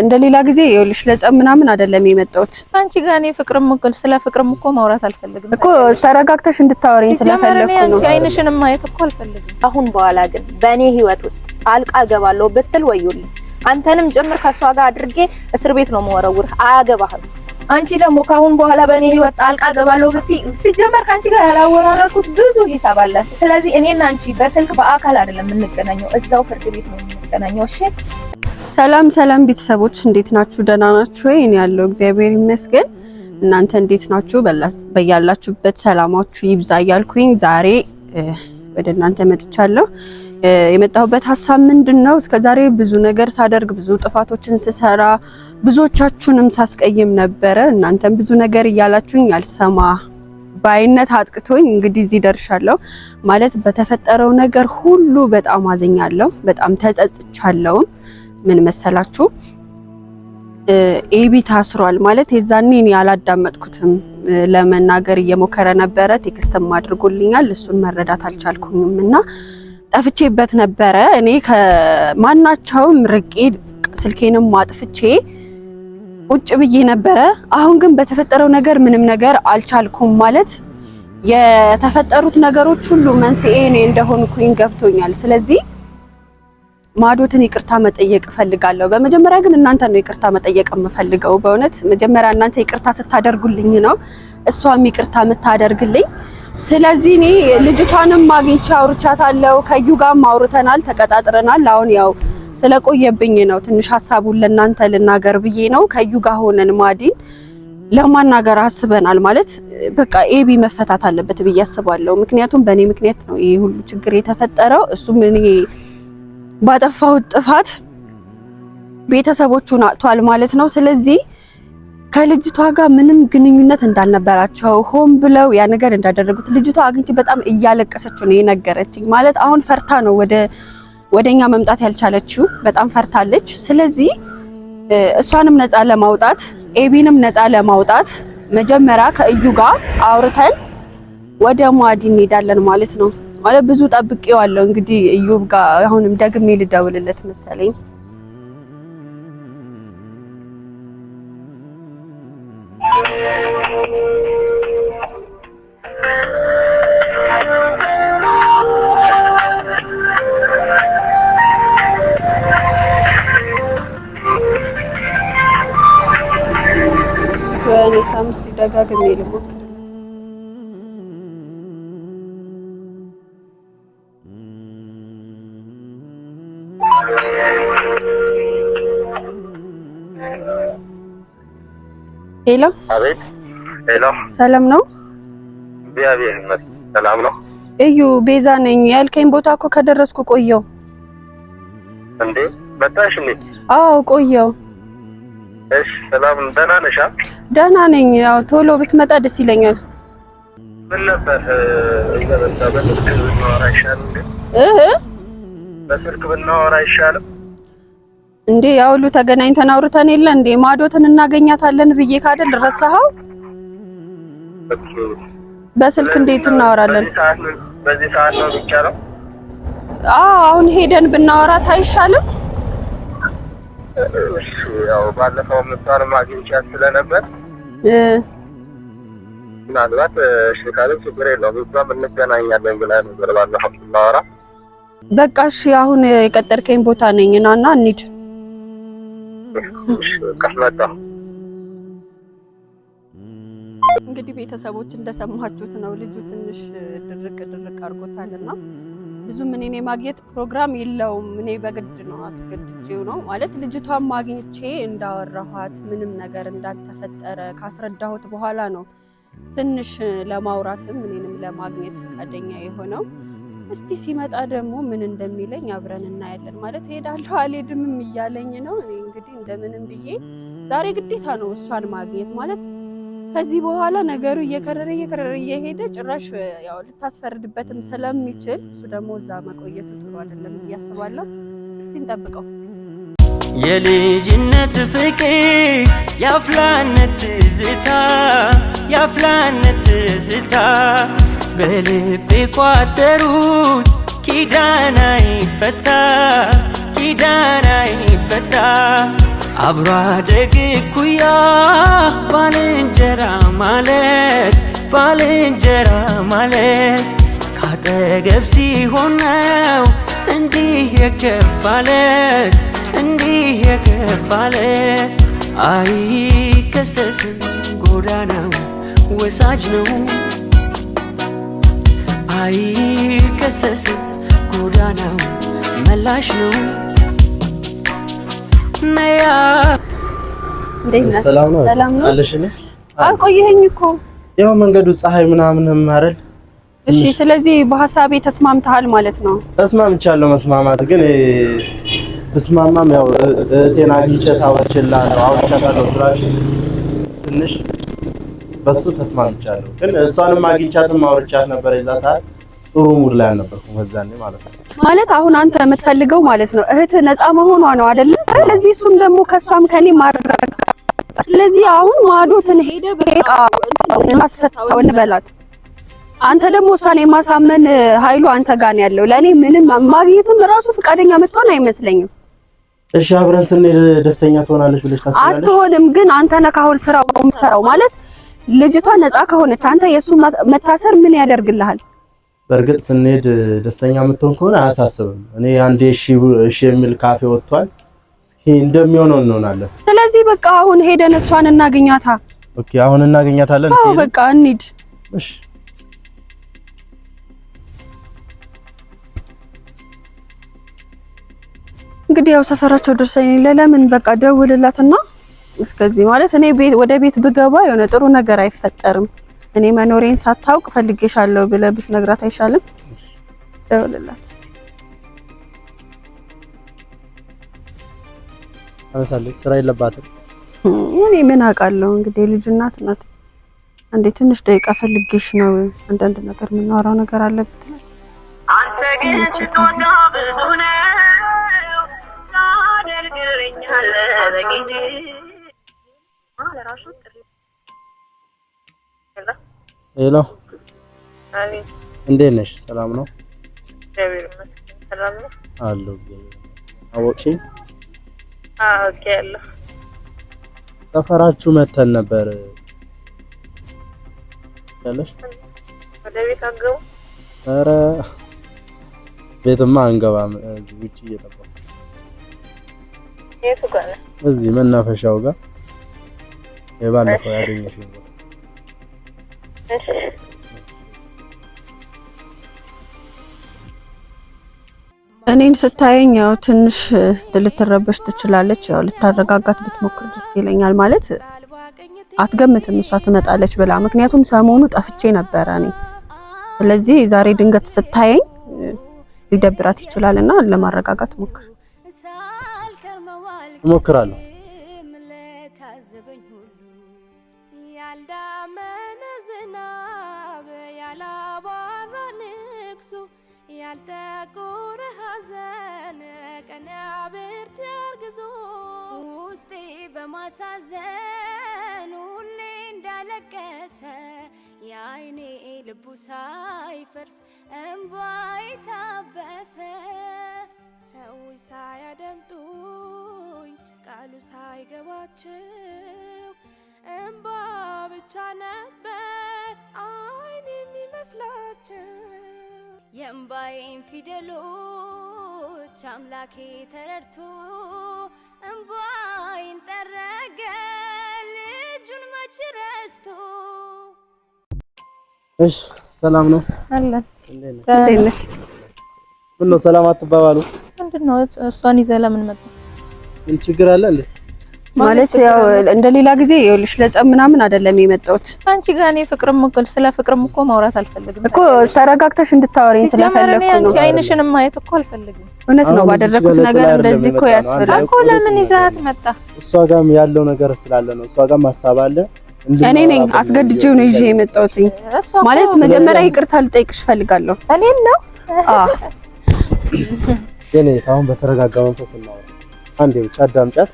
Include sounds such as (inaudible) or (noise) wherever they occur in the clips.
እንደሌላ ጊዜ ይኸውልሽ ለጸብ ምናምን አይደለም የመጣሁት አንቺ ጋር እኔ ፍቅርም እኮ ስለ ፍቅርም እኮ ማውራት አልፈልግም እኮ ተረጋግተሽ እንድታወሪኝ ስለፈለኩ ነው አንቺ አይንሽንም ማየት እኮ አልፈልግም አሁን በኋላ ግን በእኔ ህይወት ውስጥ ጣልቃ እገባለሁ ብትል ወዩልኝ አንተንም ጭምር ከሷ ጋር አድርጌ እስር ቤት ነው መወረውር አያገባህም አንቺ ደግሞ ከአሁን በኋላ በእኔ ህይወት ጣልቃ ገባለሁ ብትይ ሲጀመር ከአንቺ ጋር ያላወራረኩት ብዙ ሂሳብ አለ። ስለዚህ እኔና አንቺ በስልክ በአካል አይደለም የምንገናኘው፣ እዛው ፍርድ ቤት ነው የምንገናኘው። እሺ ሰላም ሰላም ቤተሰቦች እንዴት ናችሁ? ደህና ናችሁ ወይ? እኔ ያለው እግዚአብሔር ይመስገን። እናንተ እንዴት ናችሁ? በያላችሁበት ሰላማችሁ ይብዛ እያልኩኝ ዛሬ ወደ እናንተ መጥቻለሁ። የመጣሁበት ሀሳብ ምንድን ነው? እስከ ዛሬ ብዙ ነገር ሳደርግ ብዙ ጥፋቶችን ስሰራ ብዙዎቻችሁንም ሳስቀይም ነበረ። እናንተም ብዙ ነገር እያላችሁኝ ያልሰማ በአይነት አጥቅቶኝ እንግዲህ እዚህ ደርሻለሁ። ማለት በተፈጠረው ነገር ሁሉ በጣም አዝኛለሁ፣ በጣም ተጸጽቻለሁም ምን መሰላችሁ ኤቢ ታስሯል ማለት የዛኔ እኔ አላዳመጥኩትም። ለመናገር እየሞከረ ነበረ፣ ቴክስትም አድርጎልኛል። እሱን መረዳት አልቻልኩኝም እና ጠፍቼበት ነበረ። እኔ ከማናቸውም ርቄ ስልኬንም አጥፍቼ ቁጭ ብዬ ነበረ። አሁን ግን በተፈጠረው ነገር ምንም ነገር አልቻልኩም ማለት የተፈጠሩት ነገሮች ሁሉ መንስኤ እኔ እንደሆንኩኝ ገብቶኛል። ስለዚህ ማዶትን ይቅርታ መጠየቅ እፈልጋለሁ። በመጀመሪያ ግን እናንተ ነው ይቅርታ መጠየቅ የምፈልገው። በእውነት መጀመሪያ እናንተ ይቅርታ ስታደርጉልኝ ነው እሷም ይቅርታ የምታደርግልኝ። ስለዚህ እኔ ልጅቷንም አግኝቼ አውርቻታለሁ። ከዩ ጋርም አውርተናል፣ ተቀጣጥረናል። አሁን ያው ስለቆየብኝ ነው ትንሽ ሀሳቡን ለእናንተ ልናገር ብዬ ነው። ከዩ ጋር ሆነን ማዲን ለማናገር አስበናል። ማለት በቃ ኤቢ መፈታት አለበት ብዬ አስባለሁ። ምክንያቱም በእኔ ምክንያት ነው ይሄ ሁሉ ችግር የተፈጠረው እሱም እኔ ባጠፋሁት ጥፋት ቤተሰቦቹን አጥቷል ማለት ነው። ስለዚህ ከልጅቷ ጋር ምንም ግንኙነት እንዳልነበራቸው ሆን ብለው ያ ነገር እንዳደረጉት ልጅቷ አግኝቼ በጣም እያለቀሰች ነው የነገረችኝ። ማለት አሁን ፈርታ ነው ወደ ወደኛ መምጣት ያልቻለችው፣ በጣም ፈርታለች። ስለዚህ እሷንም ነፃ ለማውጣት ኤቢንም ነፃ ለማውጣት መጀመሪያ ከእዩ ጋር አውርተን ወደ ሟዲ እንሄዳለን ማለት ነው። ማለት ብዙ ጠብቄዋለሁ። እንግዲህ እዩብ ጋር አሁንም ደግሜ ልደውልለት መሰለኝ። ሳምስት ደጋግሜ ልሞክር ሄሎ፣ አቤት። ሄሎ፣ ሰላም ነው? እግዚአብሔር ይመስገን ሰላም ነው። እዩ ቤዛ ነኝ። ያልከኝ ቦታ እኮ ከደረስኩ ቆየው እንዴ? መጣሽ እንዴ? አዎ ቆየው። እሺ ሰላም፣ ደህና ነሽ? ደህና ነኝ። ያው ቶሎ ብትመጣ ደስ ይለኛል። ምን ነበር እህ፣ በስልክ ብናወራ ይሻልም። እንዴ ያው ሁሉ ተገናኝተን አውርተን የለ እንዴ ማዶትን እናገኛታለን ብዬ ካደል ረሳኸው? በስልክ እንዴት እናወራለን? በዚህ ሰዓት ነው የሚቻለው? አዎ አሁን ሄደን ብናወራት አይሻልም? ያው ባለፈው ምሳር ማግኘት ስለነበር ምናልባት እሺ ካለች ችግር የለውም እዛም እንገናኛለን ብላ ነበር ባለፈው ስናወራ። በቃ እሺ አሁን የቀጠርከኝ ቦታ ነኝና እና እንሂድ። እንግዲህ ቤተሰቦች እንደሰማችሁት ነው። ልጁ ትንሽ ድርቅ ድርቅ አድርጎታል እና ብዙም እኔን የማግኘት ፕሮግራም የለውም። እኔ በግድ ነው አስገድጄው ነው ማለት ልጅቷን ማግኝቼ እንዳወራኋት ምንም ነገር እንዳልተፈጠረ ካስረዳሁት በኋላ ነው ትንሽ ለማውራትም እኔንም ለማግኘት ፈቃደኛ የሆነው። እስቲ ሲመጣ ደግሞ ምን እንደሚለኝ አብረን እናያለን። ማለት ሄዳለሁ አልሄድምም እያለኝ ነው። እኔ እንግዲህ እንደምንም ብዬ ዛሬ ግዴታ ነው እሷን ማግኘት። ማለት ከዚህ በኋላ ነገሩ እየከረረ እየከረረ እየሄደ ጭራሽ ያው ልታስፈርድበትም ስለሚችል እሱ ደግሞ እዛ መቆየቱ ጥሩ አይደለም እያስባለሁ። አስባለሁ። እስቲ እንጠብቀው። የልጅነት ፍቅር የአፍላነት ትዝታ የአፍላነት ትዝታ በልብ የቋጠሩት ኪዳን አይፈታ ኪዳን አይፈታ አብሮ አደግ እኩያ ባልንጀራ ማለት ባልንጀራ ማለት ካጠገብ ሲሆን ነው እንዲህ የከፋለት እንዲህ የከፋለት አይከሰስም ጎዳናው ወሳጅ ነው አይከሰስ ጎዳናው መላሽ ነው። ነያ ሰላም ነው አለሽ? አልቆየኸኝ እኮ ያው መንገዱ ፀሐይ ምናምን አይደል? እሺ፣ ስለዚህ በሀሳቤ ተስማምተሃል ማለት ነው? ተስማምቻለሁ። መስማማት ግን ብስማማም ያው እቴና ግጨት አውርቼላ ነው አውርቻታለሁ። ስራሽ ትንሽ በሱ ተስማምቻለሁ። ግን እሷንም አግኝቻትም ማውርቻት ነበር። የዛ ሰዓት ጥሩ ሙድ ላይ አልነበርኩም። ከዛኔ ማለት ነው ማለት አሁን አንተ የምትፈልገው ማለት ነው እህት ነፃ መሆኗ ነው አይደለ? ስለዚህ እሱም ደግሞ ከእሷም ከኔ ማረጋ። ስለዚህ አሁን ማዶትን ሄደ በቃ ማስፈታው እንበላት። አንተ ደግሞ እሷን የማሳመን ኃይሉ አንተ ጋር ነው ያለው። ለእኔ ምንም ማግኘትም ራሱ ፈቃደኛ ምትሆን አይመስለኝም። እሺ አብረን ስንሄድ ደስተኛ ትሆናለች ብለሽ ታስባለሽ? አትሆንም። ግን አንተ ነህ ካሁን ስራው የምትሰራው ማለት ልጅቷ ነፃ ከሆነች አንተ የእሱ መታሰር ምን ያደርግልሃል? በእርግጥ ስንሄድ ደስተኛ የምትሆን ከሆነ አያሳስብም። እኔ አንዴ እሺ የሚል ካፌ ወጥቷል። እስኪ እንደሚሆነው እንሆናለን። ስለዚህ በቃ አሁን ሄደን እሷን እናገኛታ። ኦኬ፣ አሁን እናገኛታለን። አዎ፣ በቃ እንሂድ። እሺ እንግዲህ ያው ሰፈራቸው ደርሰኝ ለለምን በቃ ደውልላትና እስከዚህ ማለት እኔ ወደ ቤት ብገባ የሆነ ጥሩ ነገር አይፈጠርም። እኔ መኖሬን ሳታውቅ ፈልጌሻለሁ ብለህ ብትነግራት አይሻልም? ደውልላት። አነሳለች። ስራ የለባትም። እኔ ምን አውቃለሁ እንግዲህ ልጅ እናት ናት። አንዴ ትንሽ ደቂቃ ፈልጌሽ ነው አንዳንድ ነገር የምናወራው ነገር አለ ብትላት አንተ ግን ስትወዳ ብዙ ነው ታደርግልኛለህ በጊዜ ሄሎ፣ እንዴት ነሽ? ሰላም ነው አሉ። አወቅሽኝ? ሰፈራችሁ መተን ነበር ያለሽ? ወደ ኧረ ቤትማ አንገባም። ውጭ እየጠበኩ እዚህ መናፈሻው ጋር ባለፈው ያገኘሽ እኔን ስታየኝ ያው ትንሽ ልትረበሽ ትችላለች። ያው ልታረጋጋት ብትሞክር ደስ ይለኛል። ማለት አትገምትም እሷ ትመጣለች ብላ፣ ምክንያቱም ሰሞኑ ጠፍቼ ነበረ እኔ። ስለዚህ ዛሬ ድንገት ስታየኝ ሊደብራት ይችላል እና ለማረጋጋት ሞክር። እሞክራለሁ ያልጠቆረ ሐዘን ቀና ብርት ያርግዞ ውስጤ በማሳዘን ሁሌ እንዳለቀሰ የአይኔ ልቡ ሳይፈርስ እምባይ ታበሰ። ሰዎች ሳያደምጡኝ ቃሉ ሳይገባችን የእምባዬን ፊደሎች አምላኬ ተረድቶ እምባዬን ጠረገ ልጁን መች ረስቶ። እሺ ሰላም ነው አለን። እንዴት ነሽ? ነው ሰላም አትባባሉ? ምንድን ነው እሷን ይዘህ ለምን መጣ? ምን ችግር አለ እንዴ? ማለት ያው እንደሌላ ጊዜ ይኸውልሽ ለጸብ ምናምን አይደለም የመጣሁት አንቺ ጋር እኔ ፍቅርም እኮ ስለ ፍቅርም እኮ ማውራት አልፈልግም እኮ ተረጋግተሽ እንድታወሪኝ ስለፈለኩ ነው። አንቺ አይንሽንም ማየት እኮ አልፈልግም። እውነት ነው ባደረኩት ነገር እንደዚህ እኮ ያስፈልጋል እኮ ለምን ይዛት መጣ? እሷ ጋርም ያለው ነገር ስላለ ነው። እሷ ጋርም ሀሳብ አለ። እኔ ነኝ አስገድጄው ነው ይዤ የመጣሁት። ማለት መጀመሪያ ይቅርታ ልጠይቅሽ እፈልጋለሁ። እኔን ነው አዎ የኔ ታውን በተረጋጋ መንፈስ እናወራ አንዴ ብቻ አዳምጫት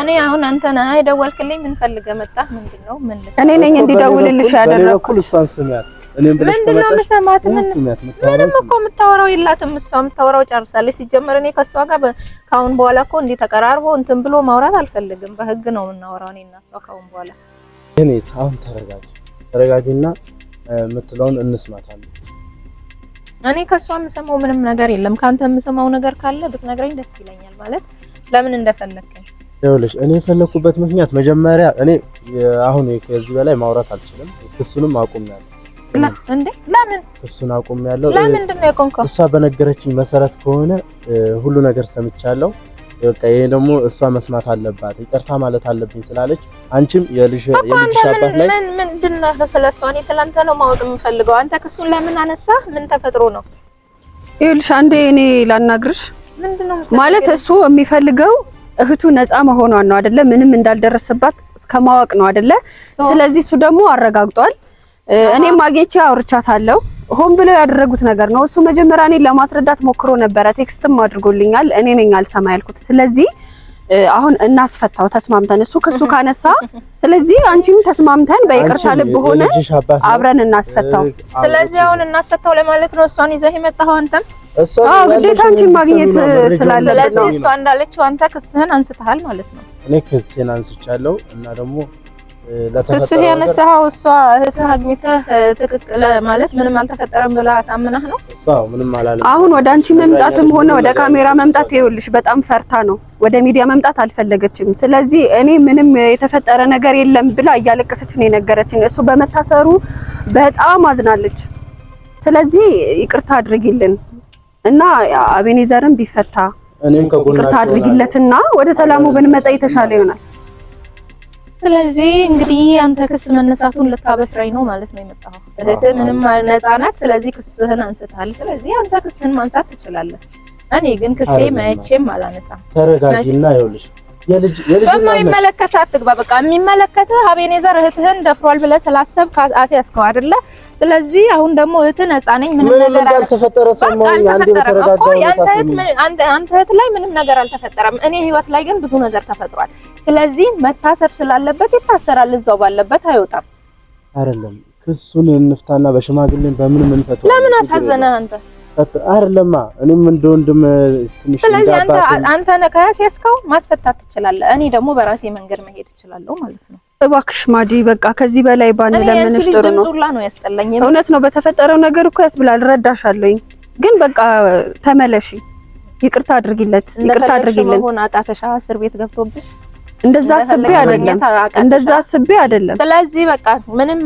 እኔ አሁን አንተ ነህ የደወልክልኝ። ምን ፈልገህ መጣህ? ምንድን ነው? ምን እኔ ነኝ እንዲደውልልሽ ያደረኩት። እሷን ስሚያት። እኔም ብለሽ ምንድን ነው የምሰማት? ምንም እኮ የምታወራው የላትም እሷ የምታወራው ጨርሳለች። ሲጀመር እኔ ከእሷ ጋር ከአሁን በኋላ እኮ እንዲህ ተቀራርቦ እንትን ብሎ ማውራት አልፈልግም። በህግ ነው የምናወራው እኔ እና እሷ ከአሁን በኋላ። እኔ አሁን ተረጋጊ፣ ተረጋጊና የምትለውን እንስማታለን። እኔ ከእሷ የምሰማው ምንም ነገር የለም። ከአንተ የምሰማው ነገር ካለ ብትነግረኝ ደስ ይለኛል ማለት ለምን እንደፈለከኝ ይኸውልሽ እኔ የፈለኩበት ምክንያት መጀመሪያ እኔ አሁን ከዚህ በላይ ማውራት አልችልም። ክሱንም አቁሜያለሁ። እንዴ ለምን ክሱን አቁሜያለሁ? ለምንድን ነው የቆምከው? እሷ በነገረችኝ መሰረት ከሆነ ሁሉ ነገር ሰምቻለሁ። በቃ ይሄ ደግሞ እሷ መስማት አለባት፣ ይቅርታ ማለት አለብኝ ስላለች አንቺም የልሽ የልሽ አባት ላይ ምን ምንድን ነው ስለሷ እኔ ስላንተ ነው ማወቅ የምፈልገው። አንተ ክሱን ለምን አነሳ? ምን ተፈጥሮ ነው? ይኸውልሽ አንዴ እኔ ላናግርሽ ማለት እሱ የሚፈልገው እህቱ ነፃ መሆኗን ነው አይደለ? ምንም እንዳልደረሰባት እስከማወቅ ነው አይደለ? ስለዚህ እሱ ደግሞ አረጋግጧል። እኔም አግኝቼ አውርቻታለሁ። ሆን ብለው ያደረጉት ነገር ነው። እሱ መጀመሪያ እኔን ለማስረዳት ሞክሮ ነበረ። ቴክስትም አድርጎልኛል። እኔ ነኝ አልሰማ ያልኩት። ስለዚህ አሁን እናስፈታው ተስማምተን እሱ ክሱ (laughs) ካነሳ፣ ስለዚህ አንቺም ተስማምተን በይቅርታ ልብ ሆነ አብረን እናስፈታው። ስለዚህ አሁን እናስፈታው ለማለት ነው። እሷን ይዘህ የመጣኸው አንተም አዎ፣ ግዴታ አንቺን ማግኘት ስላለ፣ ስለዚህ እሷ እንዳለችው አንተ ክስህን አንስተሃል ማለት ነው። እኔ ክስህን አንስቻለሁ እና ደግሞ ክስህ ያነሳኸው እሷ እህትህ አግኝተህ ትክክል ማለት ምንም አልተፈጠረም ብላ አሳምናህ ነው። ምንም አላለም። አሁን ወደ አንቺ መምጣትም ሆነ ወደ ካሜራ መምጣት ይኸውልሽ፣ በጣም ፈርታ ነው ወደ ሚዲያ መምጣት አልፈለገችም። ስለዚህ እኔ ምንም የተፈጠረ ነገር የለም ብላ እያለቀሰች ነው የነገረችኝ። እሱ በመታሰሩ በጣም አዝናለች። ስለዚህ ይቅርታ አድርጊልን እና አቤኔዘርም ቢፈታ ይቅርታ አድርጊለትና ወደ ሰላሙ ብንመጣ የተሻለ ይሆናል። ስለዚህ እንግዲህ አንተ ክስ መነሳቱን ልታበስረኝ ነው ማለት ነው የመጣው። እህት ምንም ነፃ ናት። ስለዚህ ክስህን አንስተሃል። ስለዚህ አንተ ክስህን ማንሳት ትችላለህ። እኔ ግን ክሴ መቼም አላነሳም። ተረጋጊና ይኸውልሽ በማይመለከት አትግባ። በቃ የሚመለከትህ አቤኔዘር እህትህን ደፍሯል ብለህ ስላሰብክ አሴ ያስከው አይደለ ስለዚህ አሁን ደግሞ እህት ነፃ ነኝ፣ ምንም ነገር አልተፈጠረ ሰሞኑን አንዴ በተረጋጋው አንተ እህት ላይ ምንም ነገር አልተፈጠረም። እኔ ህይወት ላይ ግን ብዙ ነገር ተፈጥሯል። ስለዚህ መታሰር ስላለበት ይታሰራል፣ እዛው ባለበት አይወጣም። አይደለም ክሱን እንፍታና በሽማግሌን በምን ምን ፈቷል። ለምን አሳዘነህ አንተ? አይደለማ እኔም እንደ ወንድም ትንሽ ስለዚህ አንተ ነህ ያስያዝከው ማስፈታት ትችላለህ። እኔ ደግሞ በራሴ መንገድ መሄድ እችላለሁ ማለት ነው። እባክሽ ማዲ በቃ ከዚህ በላይ ባን ለምንሽ ጥሩ ነው። ድምፁላ ነው ያስጠላኝ። እውነት ነው በተፈጠረው ነገር እኮ ያስብላል። ረዳሻለሁኝ ግን በቃ ተመለሺ፣ ይቅርታ አድርጊለት፣ ይቅርታ አድርጊለት። መሆን አጣተሻ እስር ቤት ገብቶብሽ እንደዛ አስቤ አይደለም እንደዛ አስቤ አይደለም። ስለዚህ በቃ ምንም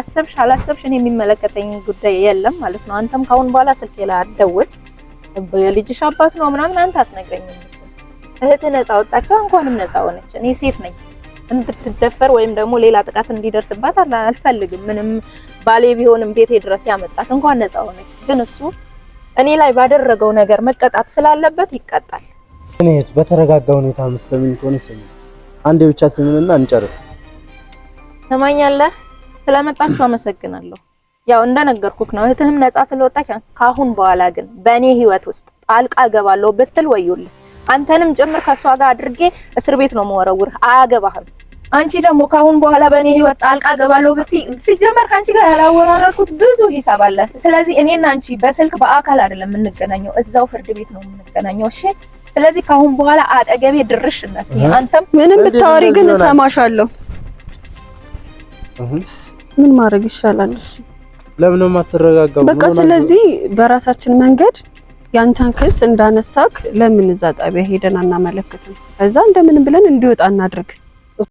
አሰብሽ አላሰብሽ እኔ የሚመለከተኝ ጉዳይ የለም ማለት ነው። አንተም ካሁን በኋላ ስልኬ ላይ አትደውል። የልጅሽ አባት ነው ምናምን አንተ አትነግረኝም። እህት ነፃ ወጣቸው እንኳንም ነፃ ሆነች። እኔ ሴት ነኝ እንድትደፈር ወይም ደግሞ ሌላ ጥቃት እንዲደርስባት አልፈልግም። ምንም ባሌ ቢሆንም ቤቴ ድረስ ያመጣት እንኳን ነፃ ሆነች። ግን እሱ እኔ ላይ ባደረገው ነገር መቀጣት ስላለበት ይቀጣል። እኔ በተረጋጋ ሁኔታ መሰለኝ ከሆነ አንዴ ብቻ ስምንና እንጨርስ። ትሰማኛለህ? ስለመጣችሁ አመሰግናለሁ። ያው እንደነገርኩክ ነው። እህትህም ነጻ ስለወጣች ካሁን በኋላ ግን በእኔ ህይወት ውስጥ ጣልቃ እገባለሁ ብትል ወዮልህ። አንተንም ጭምር ከሷ ጋር አድርጌ እስር ቤት ነው መወረውርህ። አያገባህም። አንቺ ደግሞ ካሁን በኋላ በእኔ ህይወት ጣልቃ እገባለሁ ብትይ፣ ሲጀመር ከአንቺ ጋር ያላወራረኩት ብዙ ሂሳብ አለ። ስለዚህ እኔና አንቺ በስልክ በአካል አይደለም የምንገናኘው፣ እዛው ፍርድ ቤት ነው የምንገናኘው። እሺ ስለዚህ ከአሁን በኋላ አጠገቤ ድርሽ እናት። አንተም ምንም ብታወሪ ግን እሰማሻለሁ። ምን ማድረግ ይሻላል? እሺ ለምን የማትረጋጋው? በቃ ስለዚህ በራሳችን መንገድ ያንተን ክስ እንዳነሳክ ለምን እዛ ጣቢያ ሄደን አናመለክትም? እዛ እንደምንም ብለን እንዲወጣ እናድርግ።